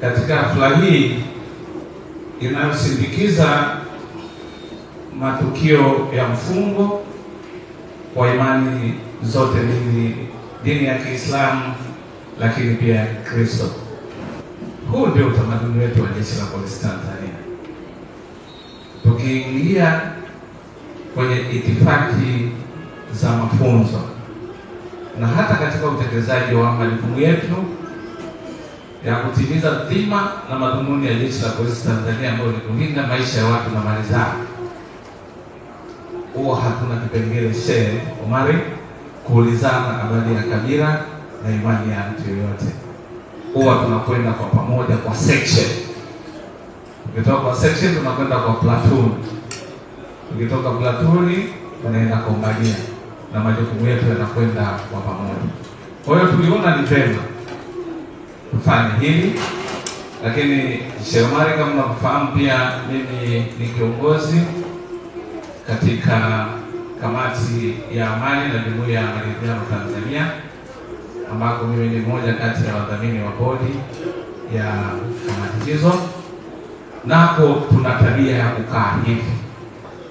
katika hafla hii inayosindikiza matukio ya mfungo kwa imani zote mbili, dini ya Kiislamu lakini pia ya Kikristo. Huu ndio utamaduni wetu wa Jeshi la Polisi Tanzania. Tukiingia kwenye itifaki za mafunzo na hata katika utekelezaji wa majukumu yetu ya kutimiza dhima na madhumuni ya Jeshi la Polisi Tanzania ambayo ni kulinda maisha ya watu na mali zao. Huwa hakuna kipengele shehe Omari kuulizana habari ya kabila na imani ya mtu yoyote. Huwa tunakwenda kwa pamoja kwa section. tukitoka kwa section tunakwenda kwa platoon. tukitoka platoon tunaenda kompania na majukumu yetu yanakwenda kwa pamoja. Kwa hiyo tuliona ni vema kufanya hili, lakini Shemari kama mnavyofahamu, pia mimi ni kiongozi katika kamati ya amani na jumuiya ya maridhiano Tanzania, ambako mimi ni mmoja kati ya wadhamini wa bodi ya kamati hizo, nako tuna tabia ya kukaa hivi.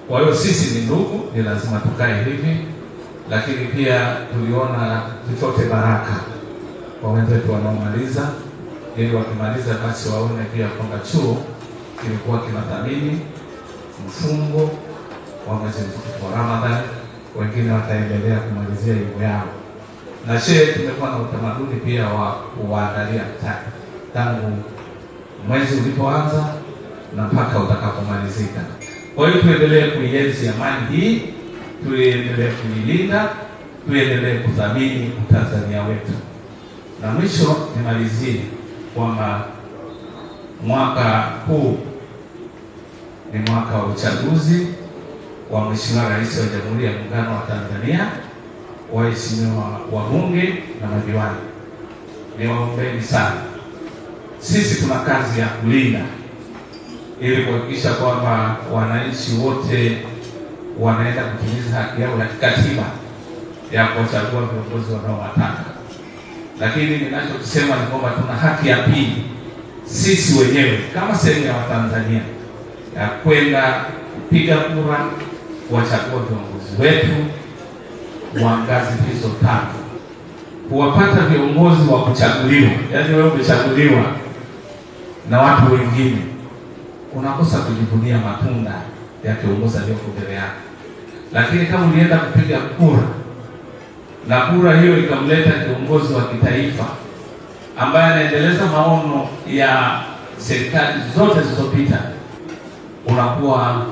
Kwa hiyo sisi ni ndugu, ni lazima tukae hivi, lakini pia tuliona tutote baraka kwa wenzetu wanaomaliza, ili wakimaliza basi waone pia kwamba chuo kilikuwa kinathamini mfungo wa mwezi mtukufu wa Wengine wataendelea kumalizia elimu yao, na shehe, tumekuwa na utamaduni pia wa kuwaandalia mtaka tangu mwezi ulipoanza na mpaka utakapomalizika. Kwa hiyo tuendelee kuienzi amani hii, tuendelee kuilinda, tuendelee kudhamini Utanzania wetu. Na mwisho nimalizie kwamba mwaka huu ni mwaka wa uchaguzi wa Mheshimiwa Rais wa Jamhuri ya Muungano wa Tanzania, waheshimiwa wabunge na madiwani, niwaombeni sana. Sisi tuna kazi ya kulinda ili kuhakikisha kwamba wananchi wote wanaenda kutimiza haki yao ya kikatiba ya kuwachagua viongozi wanaowataka lakini ninachokisema ni kwamba tuna haki ya pili sisi wenyewe kama sehemu ya Watanzania ya kwenda kupiga kura kuwachagua viongozi wetu wa ngazi hizo tatu, kuwapata viongozi wa kuchaguliwa. Yaani wewe umechaguliwa na watu wengine, unakosa kujivunia matunda ya kiongozi aliyoko mbele yako, lakini kama ulienda kupiga kura na kura hiyo ikamleta kiongozi wa kitaifa ambaye anaendeleza maono ya serikali zote zilizopita, unakuwa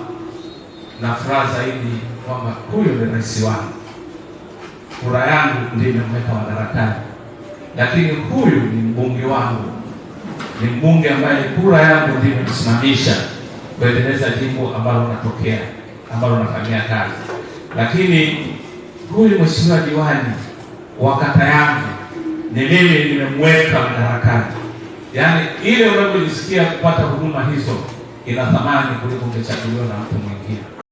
na furaha zaidi kwamba huyo ni rais wangu, kura yangu ndiyo imemweka madarakani. Lakini huyu ni mbunge wangu, ni mbunge ambaye kura yangu ndiyo imemsimamisha kuendeleza jimbo ambalo unatokea ambalo unafanyia kazi, lakini huyu mheshimiwa diwani wa kata yangu ni mimi nimemweka madarakani. Yaani ile unavyojisikia kupata huduma hizo ina thamani kuliko ungechaguliwa na mtu mwingine.